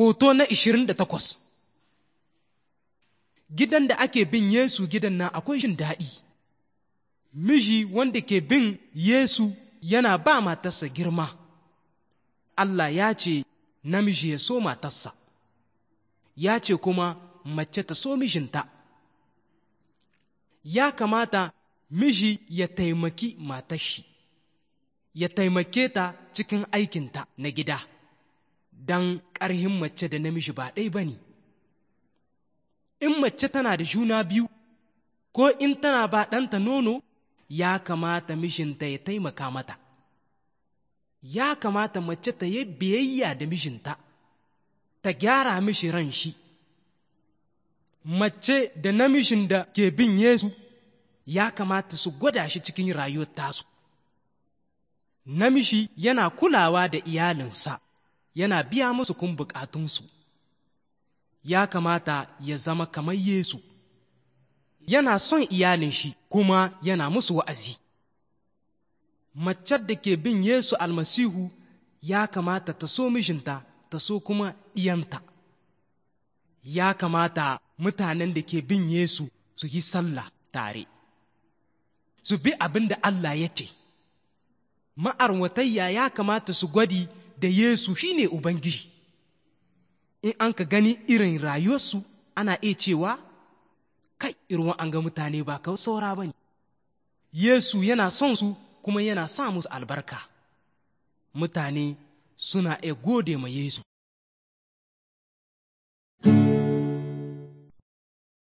hoto na 28 gidan da ake bin Yesu gidan nan akwai jin daɗi miji wanda ke bin Yesu yana ba matarsa girma Allah ya ce namiji ya so matarsa ya ce kuma mace ta so mijinta ya kamata miji ya taimaki matashi ya taimake ta cikin aikinta na gida don ƙarhin mace da namiji ba ɗai ba ne in mace tana da juna biyu ko in tana ba ɗanta nono ya kamata mijinta ya taimaka mata ya kamata mace ta yi biyayya da mijinta ta gyara mishi ran shi mace da namishin da ke bin Yesu ya kamata su gwada shi cikin rayuwar tasu. Namishi yana kulawa da iyalinsa, yana biya musu kun bukatunsu ya kamata ya zama kamar Yesu yana son iyalin shi kuma yana musu wa'azi macar da ke bin Yesu almasihu ya kamata ta so mijinta ta so kuma ɗiyanta ya kamata mutanen da ke bin Yesu su yi sallah tare su bi abin da Allah ya ce ma'arwatayya ya kamata su gwadi da Yesu shine Ubangiji, in an ka gani irin rayuwarsu ana iya cewa, kai irin an ga mutane ba ka saura ba ne. Yesu yana son su kuma yana sa musu albarka, mutane suna iya gode ma Yesu.